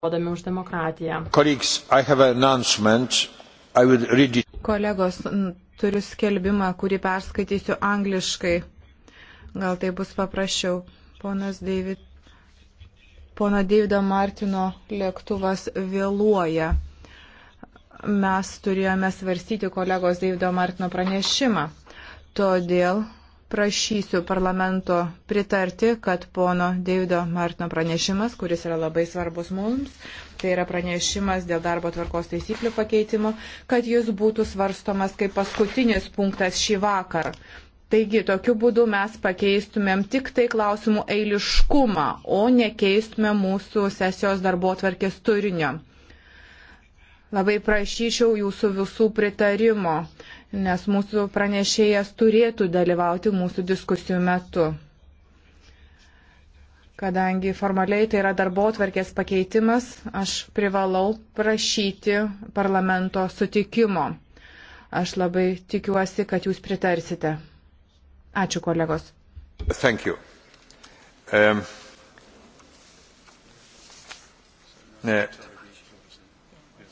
kovodami už demokratiją. Kolegos, turiu skelbimą, kurį perskaitysiu angliškai. Gal tai bus paprasčiau. Ponas David, pono Davido Martino lėktuvas vėluoja. Mes turėjome svarstyti kolegos Davido Martino pranešimą. Todėl prašysiu parlamento pritarti, kad pono Deivido Martino pranešimas, kuris yra labai svarbus mums, tai yra pranešimas dėl darbo tvarkos taisyklių pakeitimo, kad jis būtų svarstomas kaip paskutinis punktas šį vakarą. Taigi, tokiu būdu mes pakeistumėm tik tai klausimų eiliškumą, o nekeistumėm mūsų sesijos darbo tvarkės turinio. Labai prašyčiau jūsų visų pritarimo, nes mūsų pranešėjas turėtų dalyvauti mūsų diskusijų metu. Kadangi formaliai tai yra darbo tvarkės pakeitimas, aš privalau prašyti parlamento sutikimo. Aš labai tikiuosi, kad jūs pritarsite. Ačiū, kolegos. Thank you. Um, ne.